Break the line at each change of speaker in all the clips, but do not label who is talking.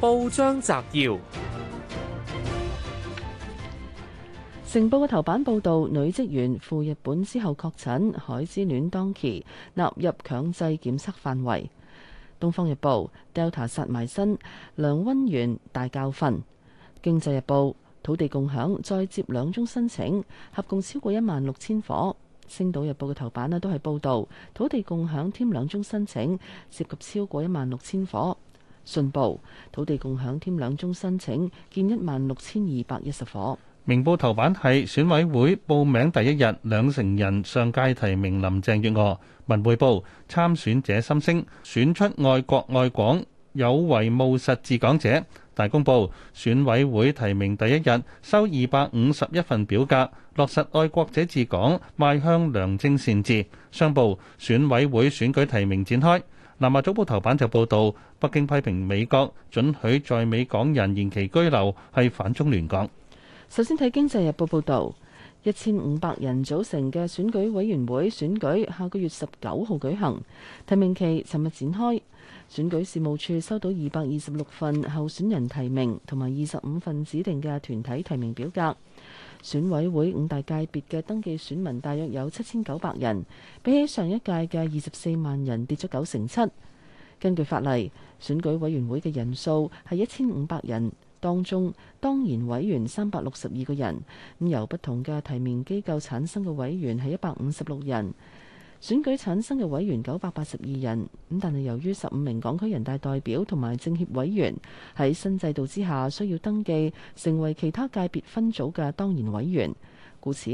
報章摘要：
《成報》嘅頭版報道女職員赴日本之後確診，海之戀當期納入強制檢測範圍。《東方日報》Delta 殺埋身，梁温源大教訓。《經濟日報》土地共享再接兩宗申請，合共超過一萬六千伙。《星島日報》嘅頭版咧都係報道土地共享添兩宗申請，涉及超過一萬六千伙。信報，土地共享添兩宗申請，建一萬六千二百一十伙。
明報頭版係選委會報名第一日兩成人上屆提名林鄭月娥。文匯報，參選者心聲，選出愛國愛港、有為務實治港者。大公報選委會提名第一日收二百五十一份表格，落實愛國者治港，邁向良政善治。商報選委會選舉提名展開。南華早報頭版就報導，北京批評美國准許在美港人延期居留係反中亂港。
首先睇經濟日報報導，一千五百人組成嘅選舉委員會選舉下個月十九號舉行，提名期尋日展開。選舉事務處收到二百二十六份候選人提名同埋二十五份指定嘅團體提名表格。選委會五大界別嘅登記選民大約有七千九百人，比起上一屆嘅二十四萬人跌咗九成七。根據法例，選舉委員會嘅人數係一千五百人，當中當然委員三百六十二個人，咁由不同嘅提名機構產生嘅委員係一百五十六人。選舉產生嘅委員九百八十二人，咁但係由於十五名港區人大代表同埋政協委員喺新制度之下需要登記成為其他界別分組嘅當然委員，故此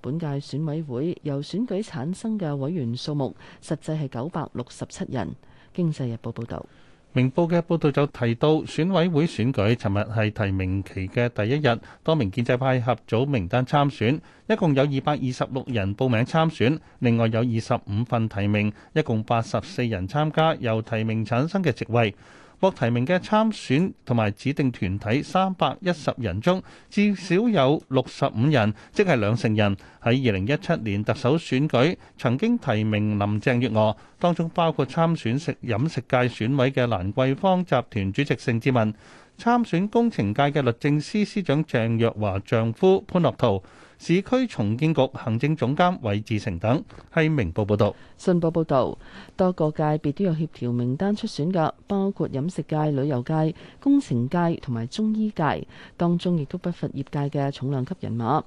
本屆選委會由選舉產生嘅委員數目實際係九百六十七人。經濟日報報導。
明報嘅報道就提到，選委會選舉尋日係提名期嘅第一日，多名建制派合組名單參選，一共有二百二十六人報名參選，另外有二十五份提名，一共八十四人參加，由提名產生嘅席位。獲提名嘅參選同埋指定團體三百一十人中，至少有六十五人，即係兩成人，喺二零一七年特首選舉曾經提名林鄭月娥，當中包括參選食飲食界選委嘅蘭桂坊集團主席盛智文，參選工程界嘅律政司司長鄭若驊丈夫潘樂陶。市區重建局行政總監韋志成等。係明報報道。信報報道，
多個界別都有協調名單出選嘅，包括飲食界、旅遊界、工程界同埋中醫界，當中亦都不乏業界嘅重量級人馬。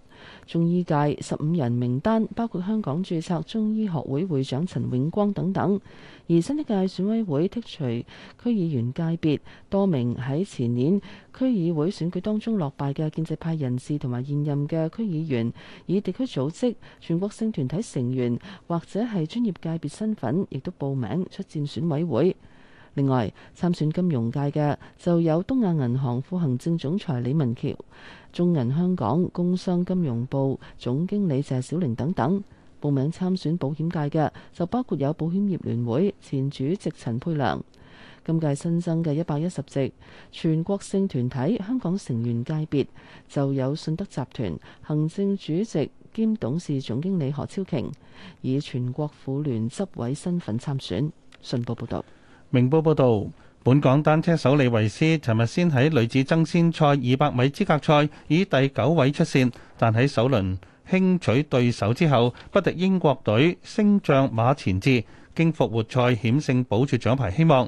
中醫界十五人名單包括香港注冊中醫學會會長陳永光等等。而新一屆選委會剔除區議員界別，多名喺前年區議會選舉當中落敗嘅建制派人士同埋現任嘅區議員，以地區組織、全國性團體成員或者係專業界別身份，亦都報名出戰選委會。另外，參選金融界嘅就有東亞銀行副行政總裁李文橋、中銀香港工商金融部總經理謝小玲等等。報名參選保險界嘅就包括有保險業聯會前主席陳佩良。今屆新增嘅一百一十席，全國性團體香港成員界別就有信德集團行政主席兼董事總經理何超瓊以全國婦聯執委身份參
選。信報報道：「明報報道，本港單車手李慧詩尋日先喺女子爭先賽二百米資格賽以第九位出線，但喺首輪輕取對手之後，不敵英國隊升將馬前志，經復活賽險勝保住獎牌希望。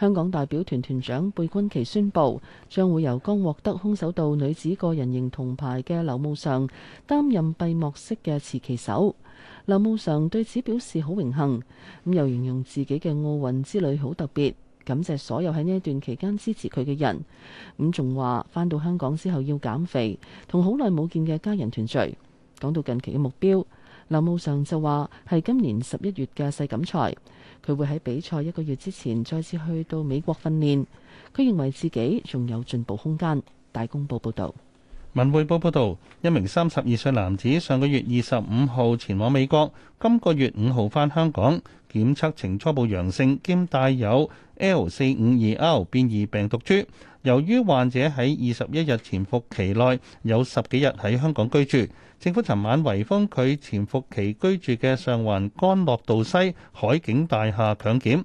香港代表團團長貝鈞奇宣布，將會由剛獲得空手道女子個人型銅牌嘅劉慕裳擔任閉幕式嘅持旗手。劉慕裳對此表示好榮幸，咁又形容自己嘅奧運之旅好特別，感謝所有喺呢一段期間支持佢嘅人。咁仲話翻到香港之後要減肥，同好耐冇見嘅家人團聚。講到近期嘅目標，劉慕裳就話，係今年十一月嘅世錦賽。佢會喺比賽一個月之前再次去到美國訓練。佢認為自己仲有進步空間。大公報報導。
文匯報報道，一名三十二歲男子上個月二十五號前往美國，今個月五號返香港，檢測呈初步陽性，兼帶有 L 四五二 R 變異病毒株。由於患者喺二十一日潛伏期內有十幾日喺香港居住，政府尋晚圍封佢潛伏期居住嘅上環干諾道西海景大廈，強檢。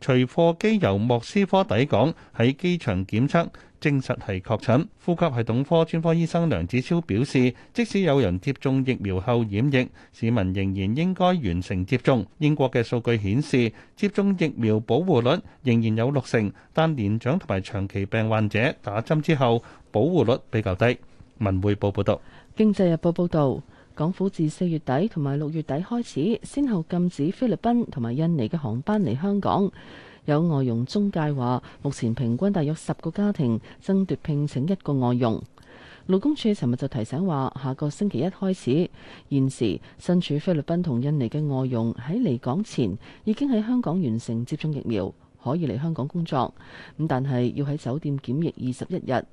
除貨機由莫斯科抵港，喺機場檢測，證實係確診。呼吸系統科專科醫生梁子超表示，即使有人接種疫苗後染疫，市民仍然應該完成接種。英國嘅數據顯示，接種疫苗保護率仍然有六成，但年長同埋長期病患者打針之後保護率比較低。文匯報報道，
經濟日報報道。港府自四月底同埋六月底開始，先後禁止菲律賓同埋印尼嘅航班嚟香港。有外傭中介話，目前平均大約十個家庭爭奪聘請一個外傭。勞工處尋日就提醒話，下個星期一開始，現時身處菲律賓同印尼嘅外傭喺離港前已經喺香港完成接種疫苗，可以嚟香港工作。咁但係要喺酒店檢疫二十一日。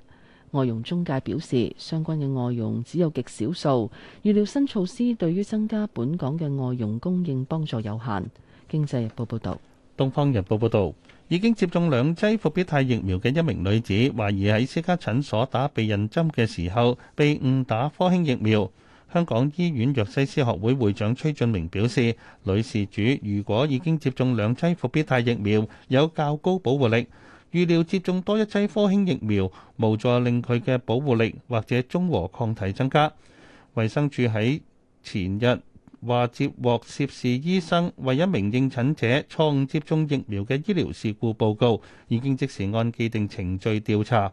外傭中介表示，相關嘅外傭只有極少數，預料新措施對於增加本港嘅外傭供應幫助有限。經濟日報報導，
東方日報報導，已經接種兩劑復必泰疫苗嘅一名女子，懷疑喺私家診所打避孕針嘅時候被誤打科興疫苗。香港醫院藥劑師學會會長崔俊明表示，女事主如果已經接種兩劑復必泰疫苗，有較高保護力。預料接種多一劑科興疫苗無助令佢嘅保護力或者中和抗體增加。衞生署喺前日話接獲涉事醫生為一名應診者錯誤接種疫苗嘅醫療事故報告，已經即時按既定程序調查。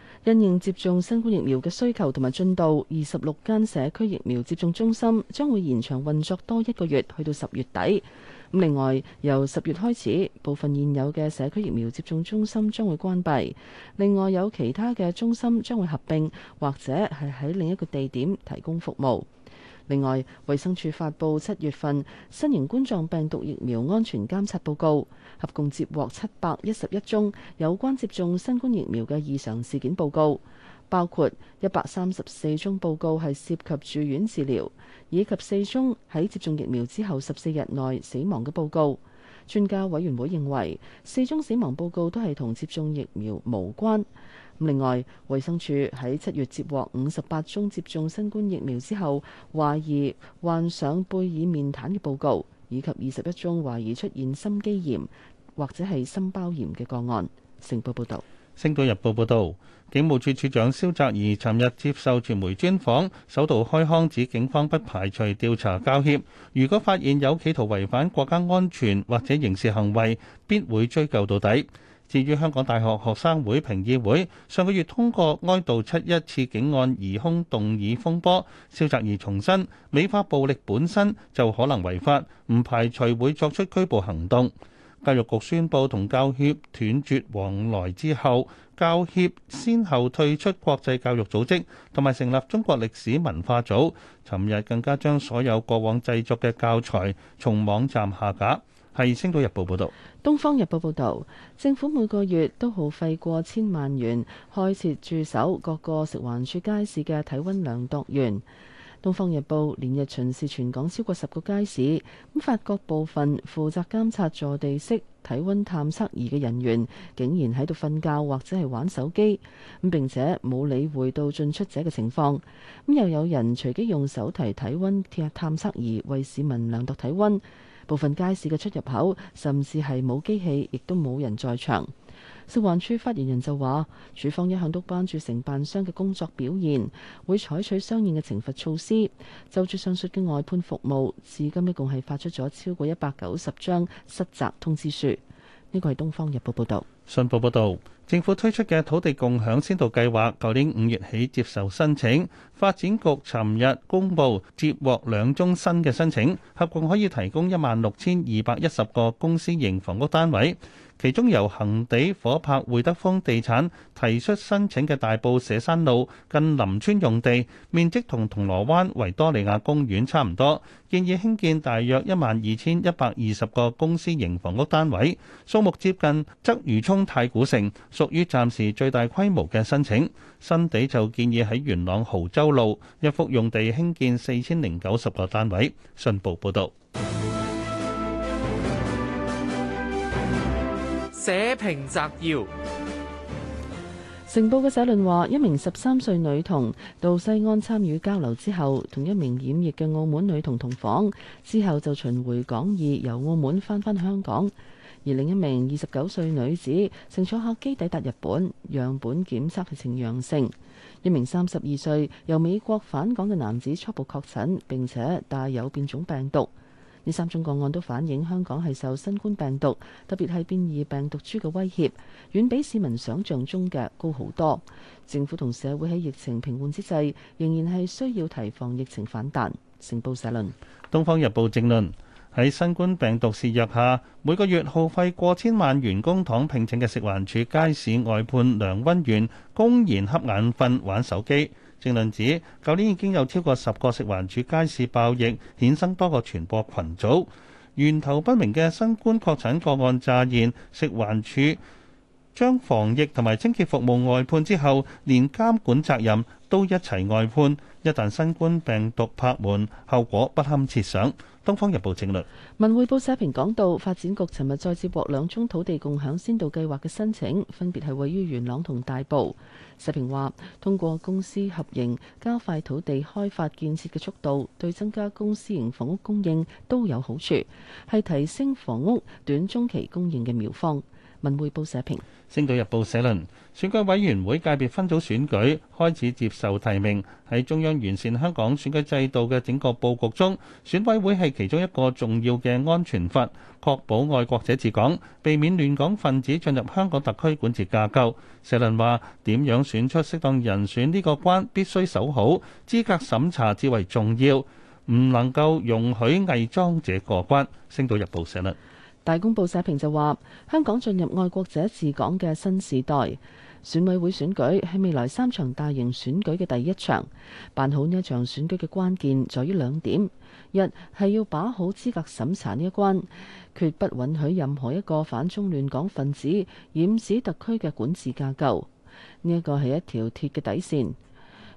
因應接種新冠疫苗嘅需求同埋進度，二十六間社區疫苗接種中心將會延長運作多一個月，去到十月底。咁另外，由十月開始，部分現有嘅社區疫苗接種中心將會關閉，另外有其他嘅中心將會合併，或者係喺另一個地點提供服務。另外，衛生署發布七月份新型冠狀病毒疫苗安全監測報告，合共接獲七百一十一宗有關接種新冠疫苗嘅異常事件報告，包括一百三十四宗報告係涉及住院治療，以及四宗喺接種疫苗之後十四日內死亡嘅報告。專家委員會認為，四宗死亡報告都係同接種疫苗無關。另外，衛生署喺七月接獲五十八宗接種新冠疫苗之後，懷疑患上貝爾面癱嘅報告，以及二十一宗懷疑出現心肌炎或者係心包炎嘅個案。成報報道。
星島日報報道，警務處處長蕭澤怡尋日接受傳媒專訪，首度開腔指警方不排除調查教協，如果發現有企圖違反國家安全或者刑事行為，必會追究到底。至於香港大學學生會評議會上個月通過哀悼七一次警案疑兇動議風波，蕭澤頤重申，美化暴力本身就可能違法，唔排除會作出拘捕行動。教育局宣布同教協斷絕往來之後，教協先後退出國際教育組織，同埋成立中國歷史文化組。尋日更加將所有過往製作嘅教材從網站下架。係《星島日報》報道，
《東方日報》報道，政府每個月都耗費過千萬元開設駐守各個食環署街市嘅體溫量度員。《東方日報》連日巡視全港超過十個街市，咁發覺部分負責監察坐地式體溫探測儀嘅人員，竟然喺度瞓覺或者係玩手機，咁並且冇理會到進出者嘅情況。咁又有人隨機用手提體溫探測儀為市民量度體溫。部分街市嘅出入口甚至係冇機器，亦都冇人在場，食環署發言人就話，署方一向都關注承辦商嘅工作表現，會採取相應嘅懲罰措施。就住上述嘅外判服務至今一共係發出咗超過一百九十張失責通知書，
呢個係東方日報報道。信報報道，政府推出嘅土地共享先導計劃，舊年五月起接受申請。發展局尋日公布接獲兩宗新嘅申請，合共可以提供一萬六千二百一十個公司型房屋單位。其中由恒地、火拍、滙德豐地產提出申請嘅大埔社山路近林村用地，面積同銅鑼灣維多利亞公園差唔多，建議興建大約一萬二千一百二十個公司型房屋單位，數目接近鰂魚涌太古城，屬於暫時最大規模嘅申請。新地就建議喺元朗濠州路一幅用地興建四千零九十個單位。信報報道。
報章摘要：《
成報》嘅社論
話：一名十三歲女童到西安參與交流之後，同一名染疫嘅澳門女童同房，之後就巡回港易，由澳門翻返香港；而另一名二十九歲女子乘坐客機抵達日本，樣本檢測係呈陽性；一名三十二歲由美國返港嘅男子初步確診，並且帶有變種病毒。呢三宗個案都反映香港係受新冠病毒，特別係變異病毒株嘅威脅，遠比市民想像中嘅高好多。政府同社會喺疫情平緩之際，仍然係需要提防疫情反彈。成報社
論。《東方日報》正論喺新冠病毒肆虐下，每個月耗費過千萬元公帑聘請嘅食環署街市外判梁温源，公然瞌眼瞓玩手機。正論指，舊年已經有超過十個食環署街市爆疫，衍生多個傳播群組，源頭不明嘅新冠確診個案乍現，食環署，將防疫同埋清潔服務外判之後，連監管責任都一齊外判。一旦新冠病毒拍門，後果不堪設想。《東方日報》政論
文匯報社評講到，發展局尋日再接獲兩宗土地共享先導計劃嘅申請，分別係位於元朗同大埔。社評話，通過公私合營加快土地開發建設嘅速度，對增加公私營房屋供應都有好處，係提升房屋短中期供應嘅妙方。文匯報社評，
《星島日報》社論：選舉委員會界別分組選舉開始接受提名，喺中央完善香港選舉制度嘅整個佈局中，選委會係其中一個重要嘅安全閥，確保愛國者治港，避免亂港分子進入香港特區管治架構。社論話：點樣選出適當人選呢個關必須守好，資格審查至為重要，唔能夠容許偽裝者過關。《星島日報》社論。
大公報社評就話：香港進入愛國者治港嘅新時代，選委會選舉係未來三場大型選舉嘅第一場，辦好呢一場選舉嘅關鍵在於兩點，一係要把好資格審查呢一關，決不允許任何一個反中亂港分子染指特區嘅管治架構，呢一個係一條鐵嘅底線。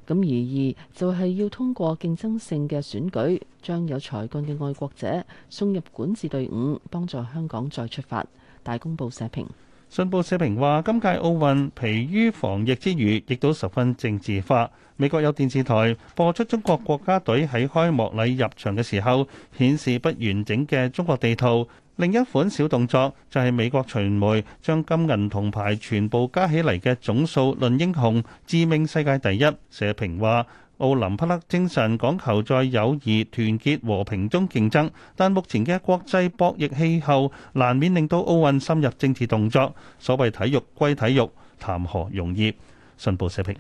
咁而二就係要通過競爭性嘅選舉，將有才幹嘅愛國者送入管治隊伍，幫助香港再出發。大公報社評，
信報社評話：今屆奧運疲於防疫之餘，亦都十分政治化。美國有電視台播出中國國家隊喺開幕禮入場嘅時候，顯示不完整嘅中國地圖。另一款小動作就係、是、美國傳媒將金銀銅牌全部加起嚟嘅總數論英雄，自命世界第一。社評話奧林匹克精神講求在友誼、團結、和平中競爭，但目前嘅國際博弈氣候難免令到奧運深入政治動作。所謂體育歸體育，談何容易？信報社評。